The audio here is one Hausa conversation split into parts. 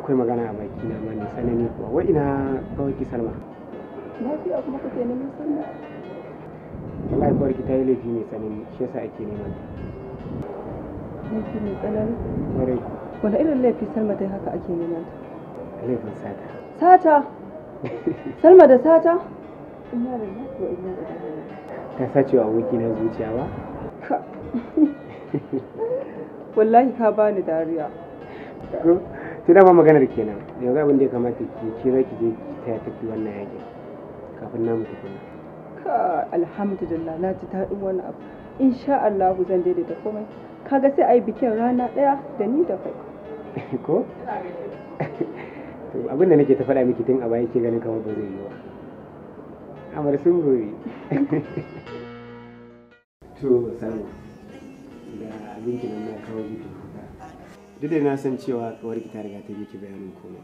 akwai magana a baki na mani tsanani kuwa wa ina kawai salma lafiya kuma ka ke neman salma ki ta yi laifi mai tsanani shi yasa ake neman laifi mai da sata ina da lafiya ina ta sacewa wuki na zuciya ba wallahi ka bani dariya da ba maganar kenan yau za da ya kamata ki ce za ki je ta taya tafi wannan yaki kafin namu tafi ka alhamdulillah na ji daɗin wani abu insha Allah zan daidaita komai kaga sai a yi bikin rana ɗaya da ni da kai ko abin da nake ta faɗa miki tun a baya ke ganin kamar ba zai yi ba amar sun gobe to sani da abinci nan na kawo bikin duk da na san cewa kawar ki ta riga ta miki bayanin komai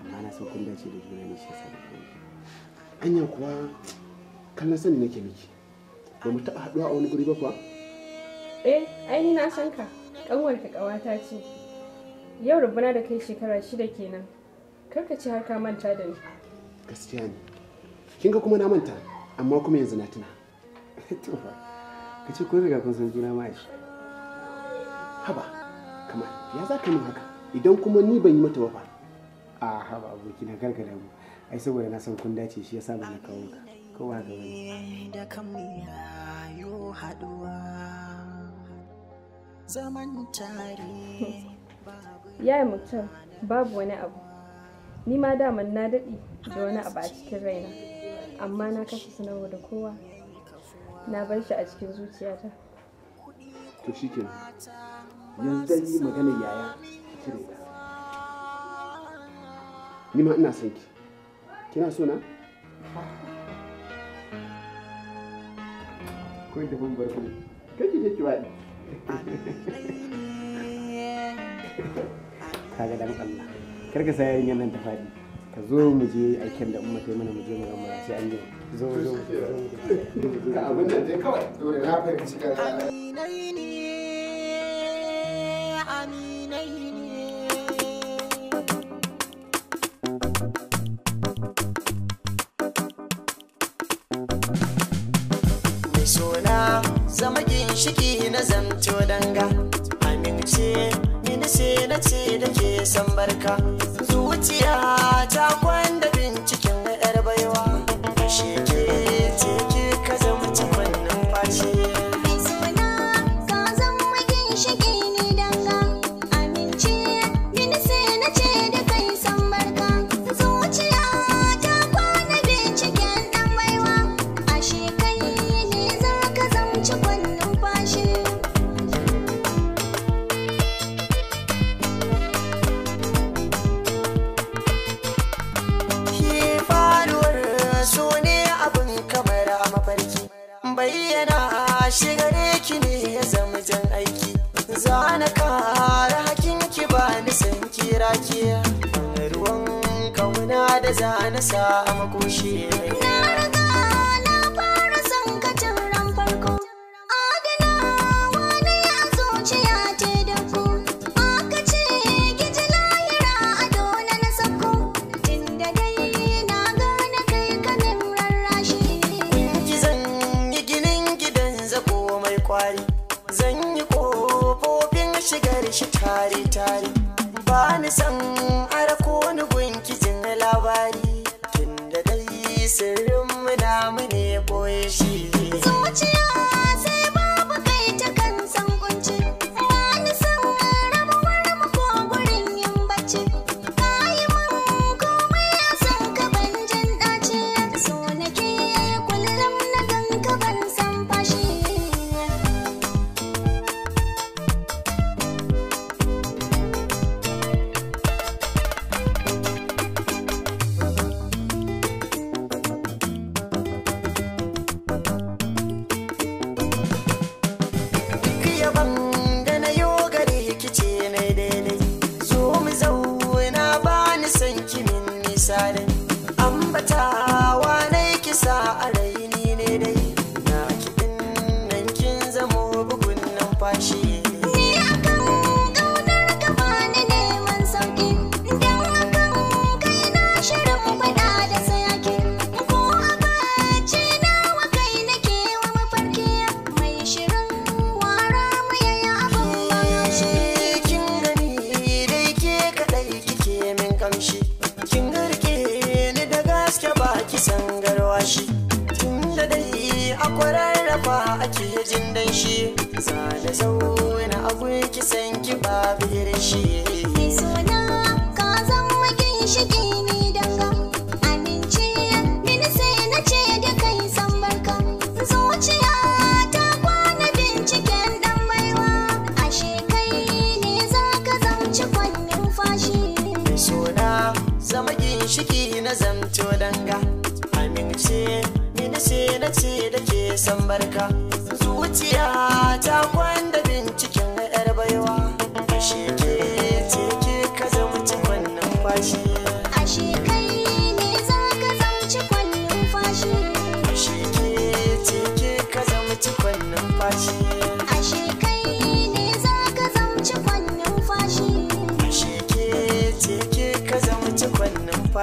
amma na san kun dace da juna ne shi yasa da komai anya kuwa kallon sani nake miki ba mu taɓa haɗuwa a wani guri ba kuwa eh ai ni na san ka kanwar ka kawata ce yau rubuna da kai shekara shida kenan kar ka ci har ka manta da ni gaskiya ne kin ga kuma na manta amma kuma yanzu na tuna to ka ce ko riga kun san juna ma shi haba kamar ya za ka min haka idan kuma ni ban yi mata ba a haba aboki na gargada mu ai saboda na san kun dace shi yasa ba na kawo ka kowa ga wani da kan haduwa zaman tare mutum babu wani abu ni ma daman na daɗi da wani abu a cikin raina amma na kashe sanarwa da kowa na bar shi a cikin zuciyata to shikenan yanzu dan yi magana yaya a cire ta ni ma ina son ki kina so na ko da ban barku kake take ni kaga dan Allah karka sai yayin nan ta fadi ka zo mu je aikin da umma kai mana mu je mu gama sai an yi zo zo ka abin da dai kawai to na fahimci ka aminai ne mai sona zama ginshiki na zanto danga amince ne na ce na ce da ke san barka zuciya jin danshi zane zauna a guri kisan ki babu shi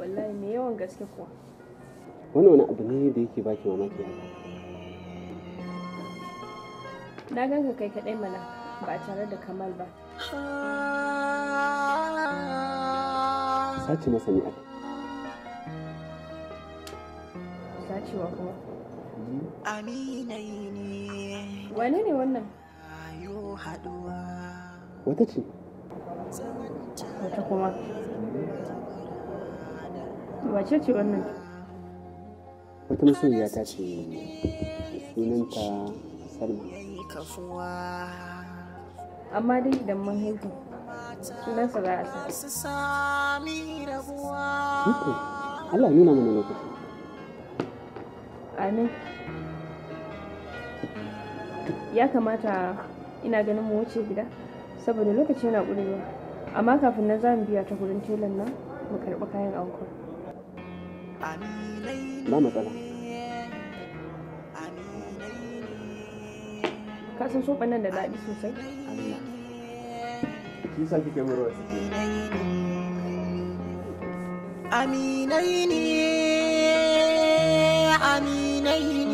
wallahi mai yawan gaske kuwa wani wani abu ne da yake baki mamaki haka na ganka kai kaɗai mana ba tare da kamal ba sace masa ne aka sacewa kuma hmm? wane ne wannan wata ce wata kuma hmm. wace ce wannan wata masoyiya ta ce sunanta salma amma dai idan mun haihu sunansa za a sa Allah nuna mana lokaci amin ya kamata ina ganin mu wuce gida saboda lokaci yana ƙurewa amma kafin nan za mu biya ta gurin telan nan mu karɓi kayan auku. ba matsala ka san nan da daɗi sosai shi aminai ne aminai ne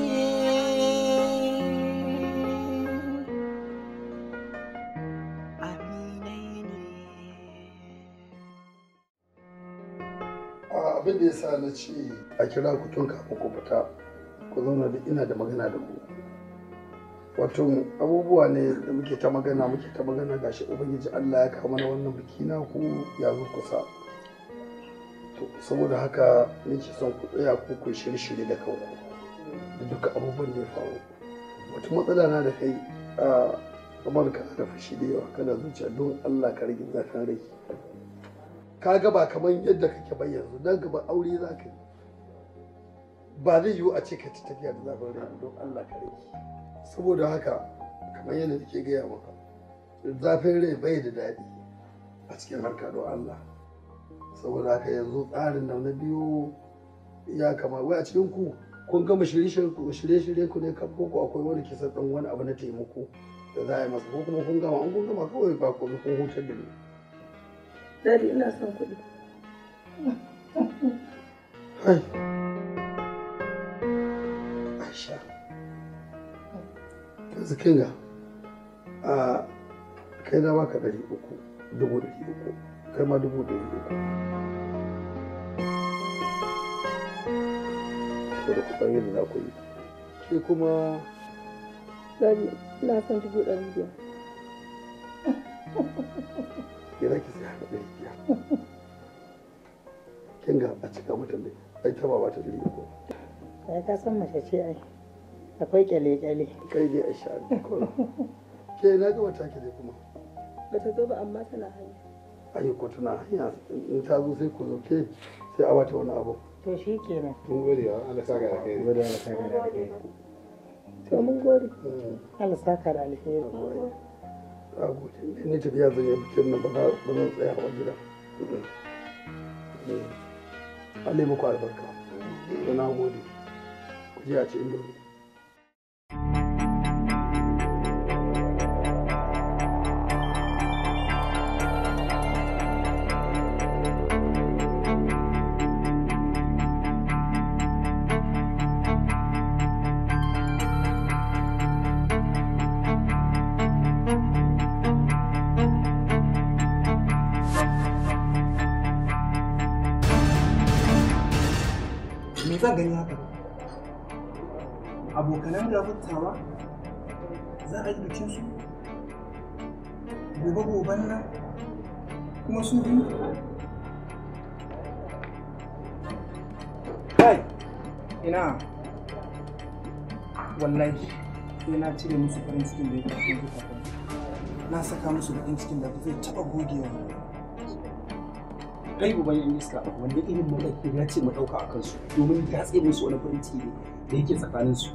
ya sa na ce a kira ku tun kafin ku fita ku zauna da ina da magana da ku wato abubuwa ne da muke ta magana muke ta magana gashi ubangiji Allah ya kawo mana wannan biki na ku ya zo kusa saboda haka nake son ku tsaya ku ku shirye-shirye da kanku da duka abubuwan da ya faru wata matsala na da kai a amurka da fushi da yawa kana zuciya don Allah ka rage zafin rai ka ga ba kamar yadda kake bayyana nan gaba aure za ka yi ba zai yiwu a ce ka ci tafiya da zafin rai don Allah ka rai saboda haka kamar yadda take gaya maka zafin rai bai da daɗi a cikin harka don Allah saboda haka yanzu tsarin nan na biyu ya kama wai a cikin ku kun gama shirye-shiryen ku ne kan ko akwai wani kisa ɗan wani abu na taimako da za a yi masa ko kuma kun gama an kun gama kawai ba kun hutar da ni. Daddy ina son kuɗi. Hai. Aisha. Yanzu kinga, a kai na baka ɗari uku dubu ɗari uku kai ma dubu ɗari uku. Saboda kuɗin yin na kuɗi. Ke kuma. Daddy ina son dubu ɗari biyar. ya ki sai haka ɗari biyar kin ga a cika mata ne ai ta ba ta ɗari uku ai ka san mace ce ai akwai kyale-kyale kai ne a sha ke na ga wata ki dai kuma ba ta zo ba amma tana hanya ai ko tana hanya in ta zo sai ku zo ke sai a bata wani abu to shi kenan mun gode ya Allah saka da kai gode Allah da kai to mun gode Allah saka da alheri a gode ni tafiya zan yi bikin nan ba zan tsaya a gida Allah muku albarka da na gode ku ji a ce indomi me za gani haka abokanan gabuttawa za a yi bikin su gobe goben nan kuma su biyu kai ina wallahi sai na cire musu farin cikin da ya kafa na saka musu bakin cikin da ba zai taɓa gogewa kai bai yan iska wanda irin mataki ya ce mu ɗauka a kansu domin ya tsaye musu wani farin ciki da yake tsakanin su.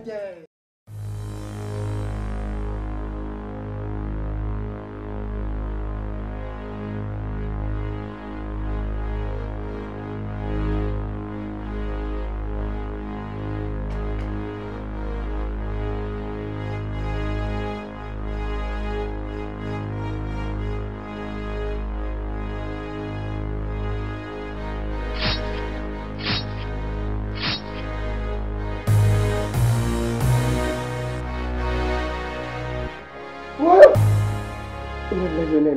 Shut ne da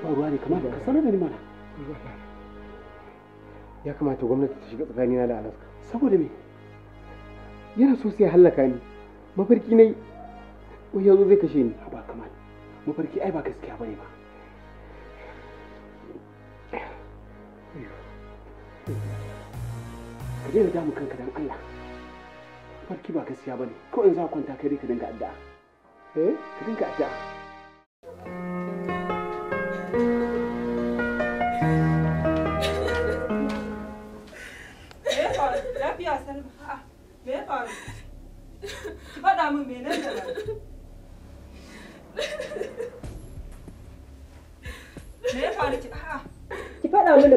kamar kamar ya kamata gwamnati ta shiga tsakanina da alaska saboda me yana so sai hallaka ni mafarki ne wai yanzu zai kashe ni ba kamar mafarki ai ba gaskiya ne ba ka daina damu kanka dan Allah farki ba gaskiya bane kawai in za kwanta kai ka dinga addu'a eh ka dinga addu'a ki faɗa mini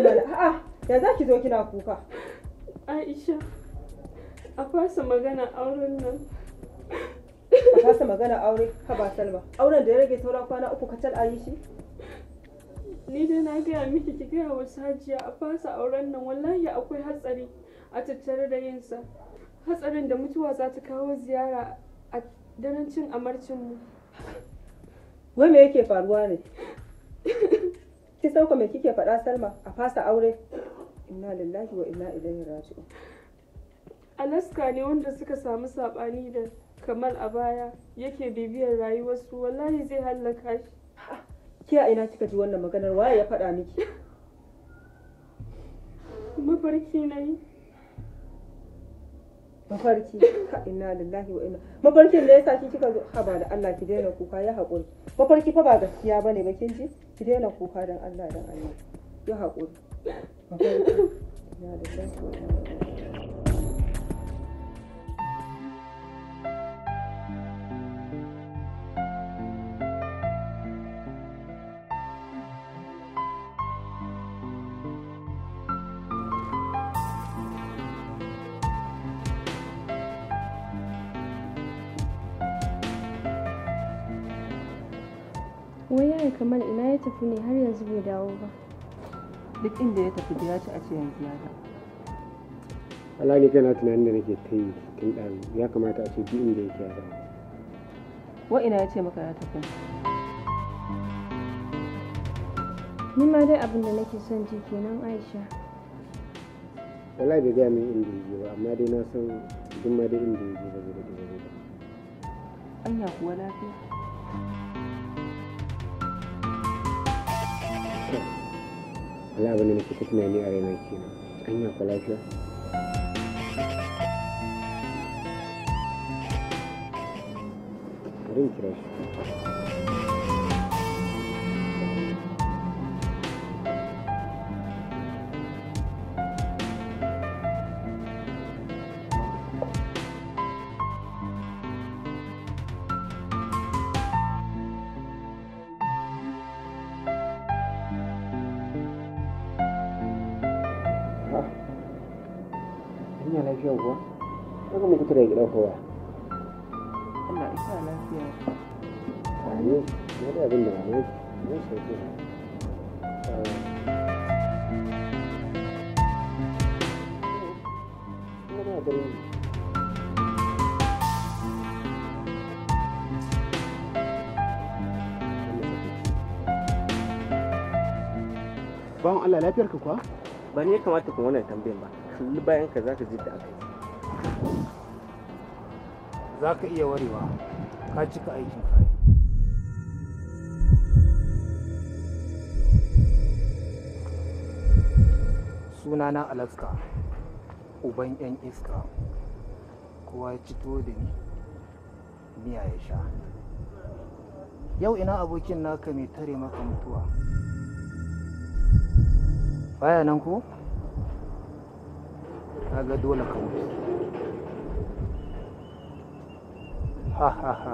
mana a'a ya za zo kina kuka aisha a fasa magana auren nan a fasa magana aure ka ba salma auren da ya rage saura kwana uku kacal a yi shi ni dai na gaya miki ki gaya wa sajiya a fasa auren nan wallahi akwai hatsari a tattare da yinsa hatsarin da mutuwa za ta kawo ziyara a daren cin mu. wai me yake faruwa ne ki sauka me kike faɗa salma a fasa aure inna lillahi wa inna ilaihi raji'un alaska ne wanda suka samu sabani da kamal a baya yake bibiyar rayuwarsu wallahi zai hallaka shi ke a ina kika ji wannan maganar waye ya faɗa miki mafarki na yi mafarki ka inna lillahi wa ina mafarkin da yasa ki kika ba da Allah ki daina kuka ya haƙuri mafarki fa ba gaskiya bane ba kin ji ki daina kuka dan Allah dan Allah ya haƙuri mafarki inna lillahi wa inna Wallahi kamar ina ya tafi ne har yanzu bai dawo ba. Duk inda ya tafi da ya ci a ce yanzu ya ga Allah ne kana tunanin da nake ta yi tun ɗan ya kamata a ce duk inda yake ya dawo. Wa ina ya ce maka ya tafi? Ni ma dai abin da nake son ji kenan Aisha. Allah bai gaya min inda yake ba amma dai na san duk ma dai inda yake ba zai da ba. Allah kuwa lafiya. wala abin da nake ta tunani a raina kenan anya ku lafiya bari kira shi lafiyan ba na ga mutu daga gidan kowa Allah isa lafiya amin ya da abin da ba ne ya sauke Thank you. bawan Allah lafiyar ka kuwa? Ba ni ya kamata kuma wannan tambayin ba. kalli bayan ka zaka ji da aka yi za ka iya warewa ka cika aikin ka na alaska uban yan iska kowa ya cito da ni miya ya sha yau ina abokin naka mai tare maka mutuwa baya nan ko? kaga dole ka mutu. ha ha ha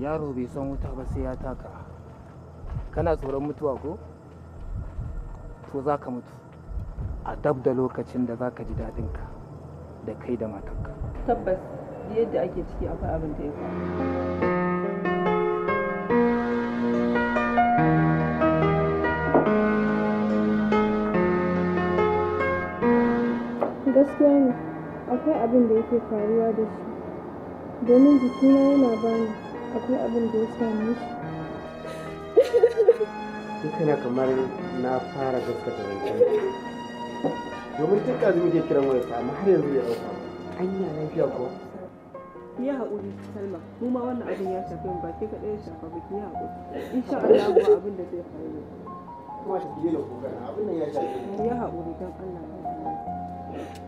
yaro bai san wuta ba sai ya taka kana tsoron mutuwa ko to za ka mutu a dab da lokacin da za ka ji daɗinka da kai da matarka tabbas yadda ake ciki akwai abin da ya faru abin da yake faruwa da shi domin jikina yana bani akwai abin da ya same shi ni kana kamar na fara gaskata rancen domin tun kazi muke kiran wayarsa amma har yanzu ya ɗauka anya lafiya ko ya haƙuri salma mu ma wannan abin ya shafi ba ke kaɗai ya shafa ba ki ya haƙuri insha Allah ba abin da zai faru ne kuma shi ke da kokana abin nan ya shafi ya haƙuri don Allah ya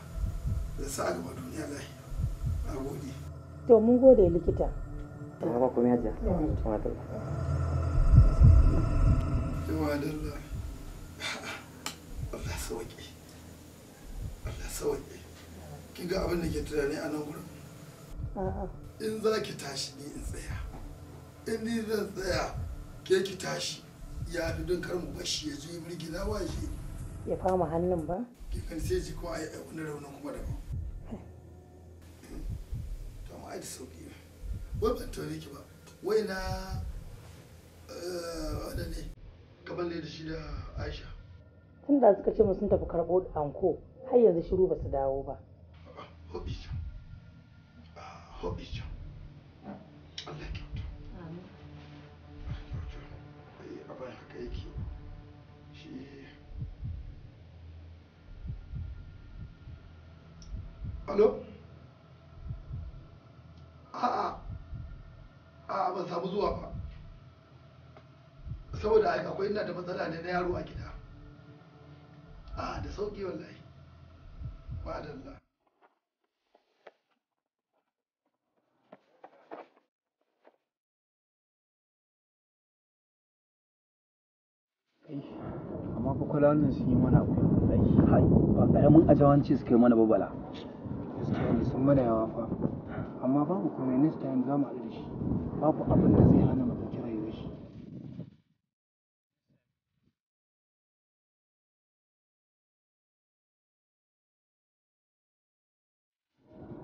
da sa a gaba duniya lahi a gode to mun gode likita ta ba kuma yaji ta da yawa dalla Allah sauki Allah sauki ki ga abin da ke tunani a nan gurin in za ki tashi ni in tsaya in ni zan tsaya ke ki tashi ya fi don kar mu bashi ya je birgina wa ya fama hannun ba ki kan sai ji ko ai wani raunin kuma daban ai da sauki wai ban ki ba wai na eh, wadda ne da shi da aisha tun da suka ce sun tafi karɓo anko har yanzu shiru ba su dawo ba hobi can ah, hobi can Allah ya a bayan Hello? a'a a'a ban samu zuwa ba saboda akwai ina da matsala ne na yaro a gida a da sauki wallahi ba da amma fa kwala wannan sun yi mana abu wallahi ba karamin ajawanci suka yi mana babala gaskiya sun mana yawa fa amma babu komai next time za mu haɗu da shi babu abin da zai hana mu kira yi shi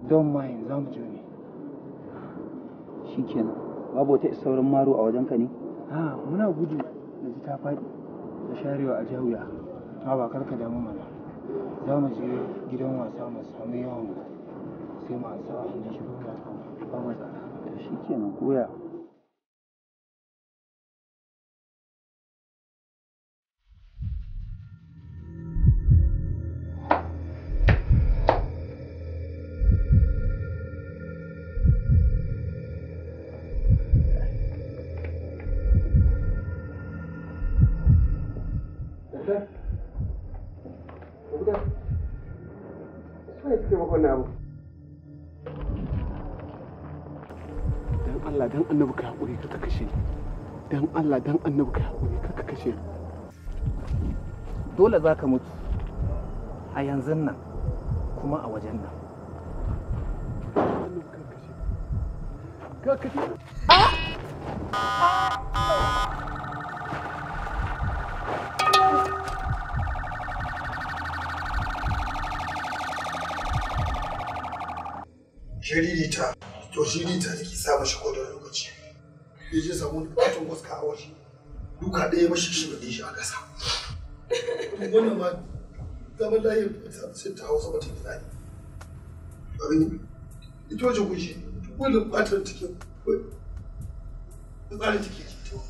don mind za mu je ne shikenan babu wata sauran maro a wajenka ne ha muna gudu da ji ta faɗi da sharewa a jawuya ma ba karka damu mana za mu je gidan wasa mu samu yawan sai masu shi kenan koya Allah dan annabi ka haƙuri ka kashe dole za ka mutu a yanzu nan kuma a wajen nan Shiririta, to shiririta da ke sa shi kodon ya je samu wani katon wasu a waje duka ɗaya mashi shi da shi a ƙasa wannan ma zaman lahiyar ta sai ta hausa ba ta gida ne abin ita waje guji wanda ɓatar cikin tsarin ciki cewa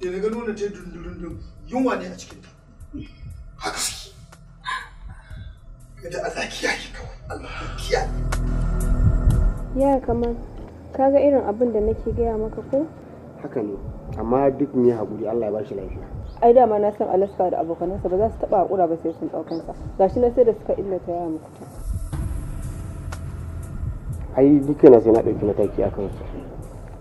da daga eh, nuna ta dundurundun yunwa ne a cikin ta haka suke kada Allah kiyaye kawai Allah kiya. ya kamar kaga irin abin da nake gaya maka ko haka ne amma duk ne haƙuri Allah ya bashi lafiya ai dama na san alaska da abokanansa ba za su taɓa haƙura ba sai sun ɗaukansa gashi na sai da suka illata ya muku ta ai duka na sai na ɗauki mataki a kansu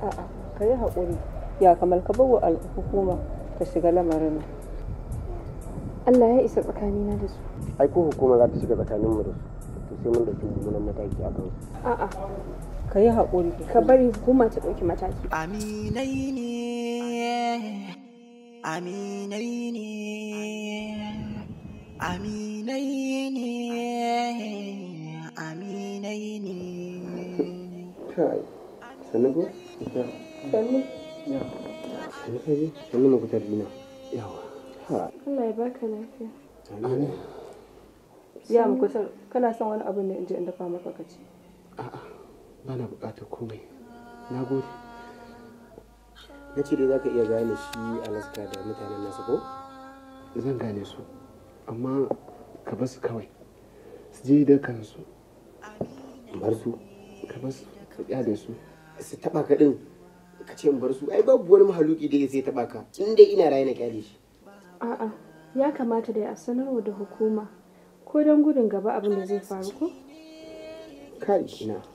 a'a ka yi haƙuri ya kamar ka bawa hukuma ta shiga lamarin Allah ya isa tsakanina da su ai ko hukuma za ta shiga tsakaninmu da su to sai mun ɗauki mummunan mataki a kansu a'a ka yi haƙuri ka bari hukuma ta ɗauki mataki aminai ne aminai ne aminai ne aminai ne sannu ko? sannu sannu ka yi sannu na kutar dina yawa Allah ya baka lafiya amin ya mu kutar kana son wani abin da in je in dafa maka ka a'a ba na komai na gode na ce dai za ka iya gane shi alaska da mutanen nasu ko zan gane su amma ka basu kawai su je da kansu bar su ka basu ka kyale su su taba ka din ka ce in bar su ai babu wani mahaluki da zai taba ka in dai ina raye na kyale shi a'a ya kamata dai a sanarwa da hukuma ko don gudun gaba abin da zai faru ko kai ina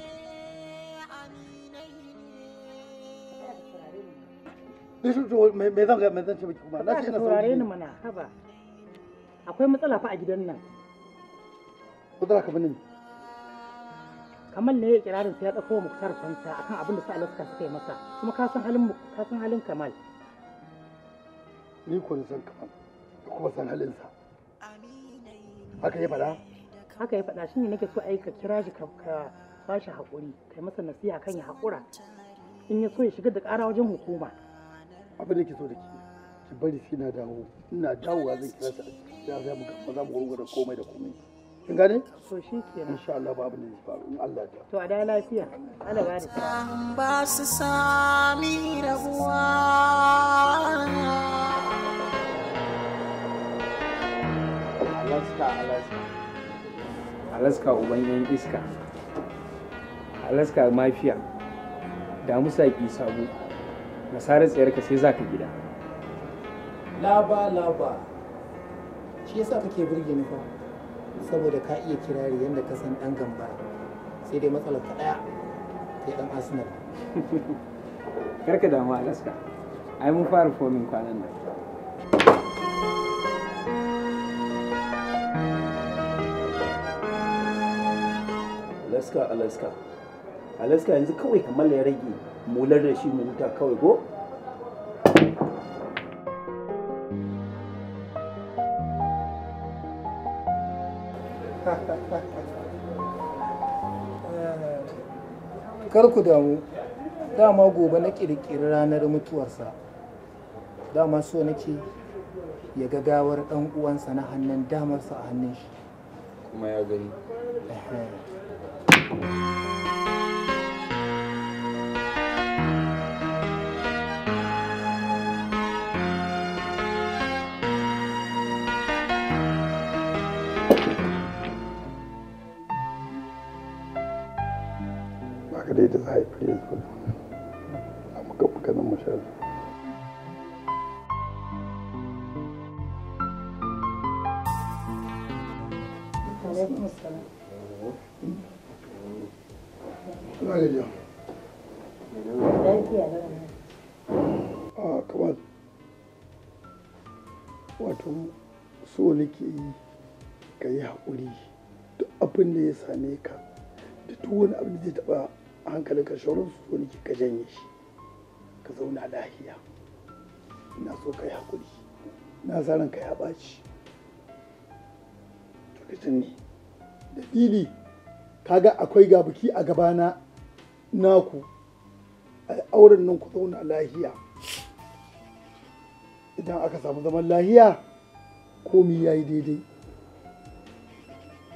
Bishin to me zan ga me zan ce miki kuma na ce na saurare ni mana haba. Akwai matsala fa a gidan nan. Matsala kamar ne. Kamal ne ya kirarin sai ya dauko Muktar fanta akan abin da su Alaska suka yi masa. Kuma ka san halin ka san halin Kamal. Ni ko ni san Kamal. Kuma san halin sa. Haka ya faɗa? Haka ya faɗa shine nake so aika kira shi ka ba shi haƙuri kai masa nasiha kan ya haƙura in ya so ya shiga da ƙara wajen hukuma abin da ke so da ke ki bari sai na dawo ina dawowa zan kira su ya za mu gaba za mu gurgura komai da komai kin gane to shi nan insha Allah babu ne ba in Allah ya to a da lafiya ana ba da ba su sami rabuwa Alaska, Alaska. Alaska uban yan iska. Alaska mafiya. da ki sabo. Na sare tsayarka sai za ka gida laba laba shi yasa kake burge ni fa saboda ka iya kirari yadda ka san dan gamba sai dai matsalar ka daya kai dan arsenal karka damu alaska ai mun fara fomin kwanan nan alaska alaska alaska yanzu kawai kamar ya rage mular da shi mu huta kawai ko kar ku damu dama gobe na ƙirƙiri ranar mutuwarsa dama so nake ya ga gawar ɗan uwansa na hannun damarsa a hannun shi kuma ya gani gajiya. Lafiya A ah, kamar wato so nake yi ka yi haƙuri duk abin da ya same ka da duk wani abin da zai taɓa hankalin ka shawarar so nake ka janye shi ka zauna lahiya ina so ka yi haƙuri na sa ranka ya ɓaci to ne dalili ga akwai ga biki a gabana naku a auren nan ku zauna lahiya idan aka samu zaman lahiya komi ya yi daidai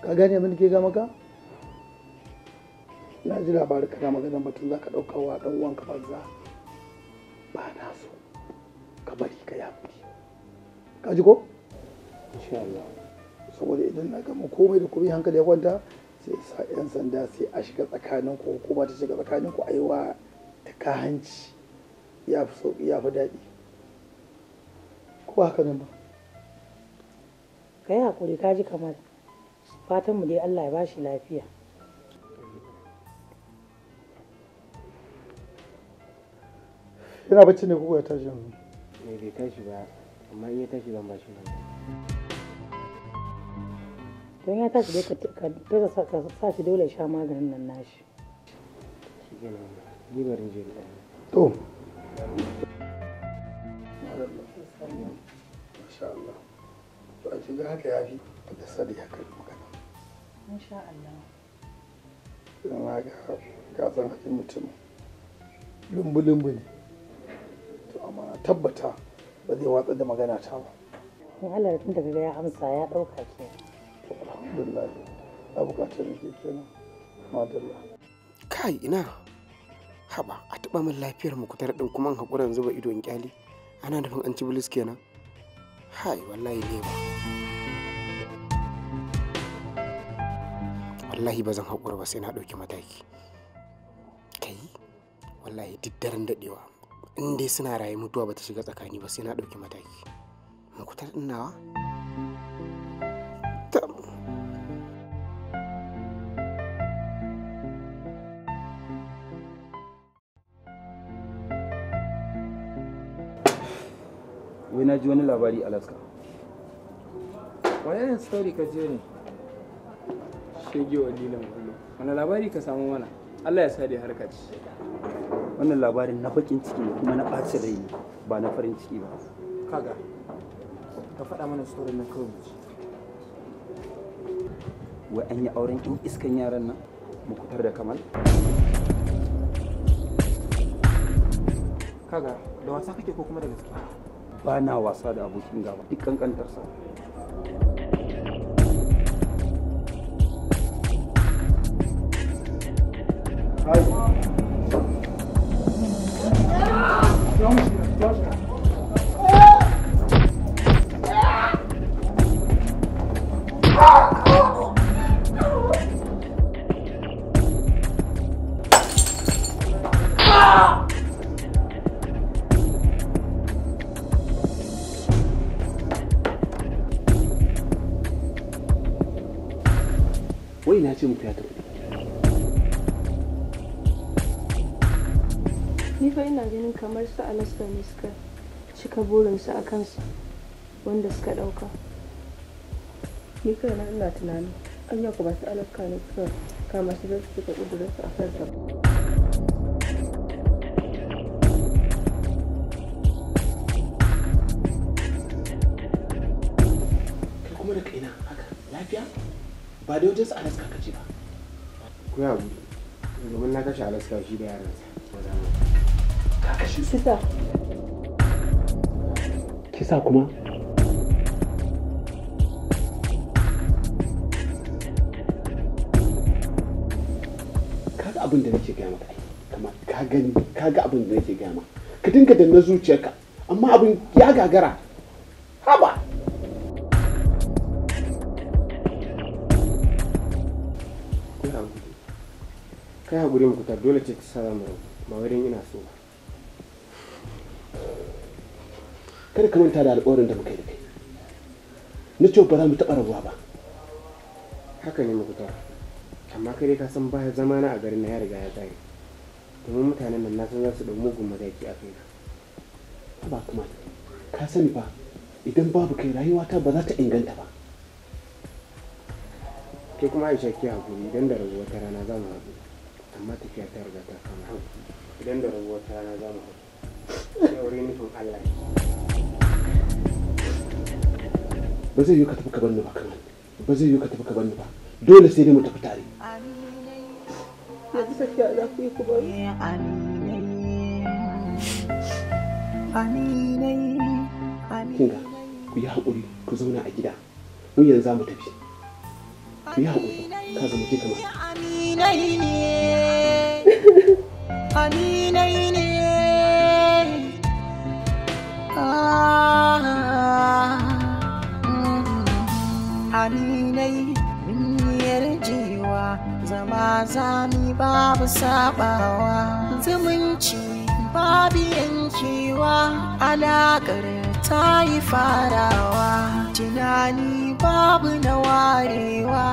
ka gane mini ke gama maka na ji labarin kana maganar batun za ka ɗauka wa ɗan uwanka banza ba na so ka bari ka ya fi ka ji ko? saboda idan na gama komai da komai hankali ya kwanta sai 'yan sanda sai a shiga tsakanin ku kuma ta shiga tsakanin ku aiwa ta kahanci ya fi sauƙi ya fi daɗi ko haka ne ba ka yi haƙuri ka ji kamar fatan mu dai Allah ya ba shi lafiya yana bacci ne kuka ya tashi yanzu ne eh, bai tashi ba amma in ya tashi ban ba shi ba don ya tashi dai ka ka sa shi dole sha maganin nan nashi to masha Allah to haka ya fi da sadi ya kai magana Allah ga mutum lumbu lumbu ne to amma tabbata ba zai watsa da magana ta ba in Allah da tun daga ya amsa ya ɗauka kenan alhamdulillah a ke kenan madalla kai ina haba a taɓa min lafiyar mu kutar ɗin kuma haƙuran zuba ido in kyali ana nufin an ci bilis kenan hai wallahi ne ba wallahi ba zan haƙura ba sai na ɗauki mataki kai wallahi duk daren daɗewa in dai suna raye mutuwa ba ta shiga tsakani ba sai na ɗauki mataki mu kutar ɗin nawa wai na ji wani labari alaska wani story ka je ne shege wa dilan wallo wani labari ka samu mana allah ya sa dai harka Wani wannan labarin na bakin ciki ne kuma na ɓacin rai ne ba na farin ciki ba kaga ka faɗa mana story na kawai mace wai an yi auren in iskan yaran nan mu kutar da kamal kaga da wasa kake ko kuma da gaskiya Bana wasa da abokin gaba duk sa. wai na ce muku ya tafi ni fa ina ganin kamar su alaska ne suka cika burinsu a kansu wanda suka ɗauka ni na ina tunanin an yi ba su alaska ne suka kama su da suka ƙudurinsu a kansu ba da wajen alaska ka ce ba ku ya abu domin na kashe alaska shi da yaran sa ka kashe su Ki kisa kuma kaga abin da nake gaya maka kama ka gani kaga abin da nake gaya maka ka dinga da na zuciyarka amma abin ya gagara haba kai haƙuri mu kutar dole ce ta sa mu rabu ba wurin ina so ba kada ka manta da alƙawarin da muka yi kai na ce ba za mu taɓa rabuwa ba haka ne mukutar amma kai dai ka san baya zama na a garin na ya riga ya tsaye domin mutanen nan na san za su ɗau mugun mataki a kai na ba kuma ka sani ba idan babu kai rayuwata ba za ta inganta ba ke kuma aisha ke haƙuri idan da rabuwa ta rana za mu haɗu amma tafiya ta riga ta kama idan da rabuwar ta rana za mu hau sai wuri nufin Allah ne ba zai yi ka tafi ka banni ba kan ba zai yi ka tafi ka banni ba dole sai dai mu tafi tare kinga ku yi haƙuri ku zauna a gida mu yanzu za mu tafi ku yi haƙuri ka zama ke kamar aminai ne aminai ne ah, mm. aminai niyyar jiwa zama zami babu sabawa zumunci babu yankewa alaƙar ta yi farawa tunani babu na warewa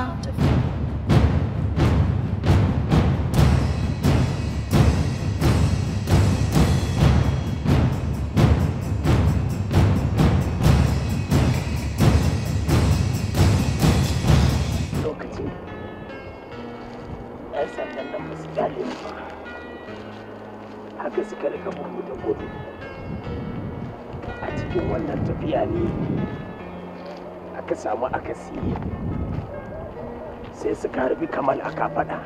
sai suka harbi kamal a kafaɗa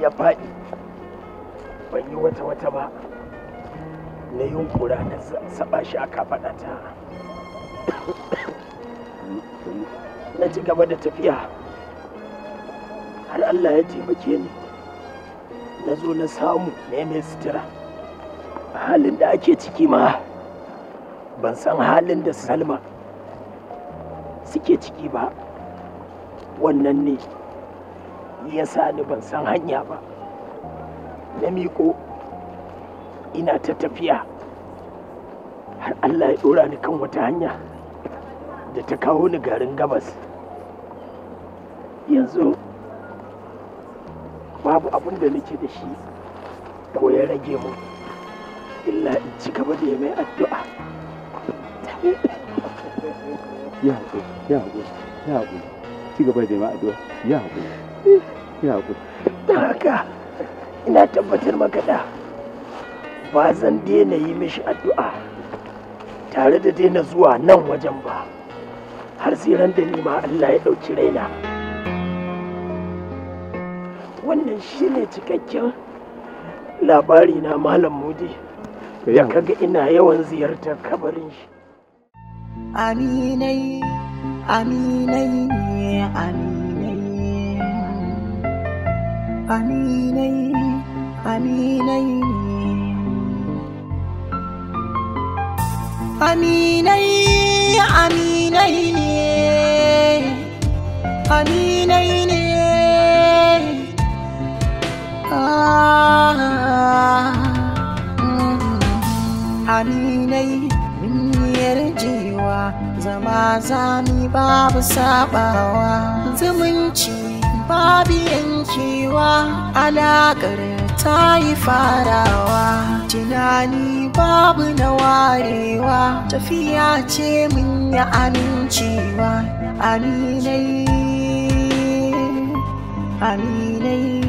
ya faɗi ban yi wata wata ba na yunkura na saba shi a kafaɗa ta na ci gaba da tafiya har Allah ya taimake ni na zo na samu ne mai sutura halin da ake ciki ma ban san halin da salma suke ciki ba wannan ne ya sa ni ban san hanya ba na miƙo ina ta tafiya har Allah ya ɗora ni kan wata hanya da ta kawo ni garin gabas yanzu babu abin da nake da shi ko ya rage mu illa in ci gaba da mai addu'a ya ya ya ci gaba da ya ya ta haka ina tabbatar maka da ba zan daina yi mishi addu'a tare da daina zuwa nan wajen ba har tsiran da ni Allah ya ɗauki raina wannan shi ne cikakken labari na malam mudi da kaga ina yawan ziyartar kabarin shi aminai aminai aminai aminai aminai aminai aminai aminai ne aminai ba zami babu sabawa zumunci babu yankewa alaƙar ta yi farawa tunani babu na warewa tafiya ce mun yi amincewa aminai aminai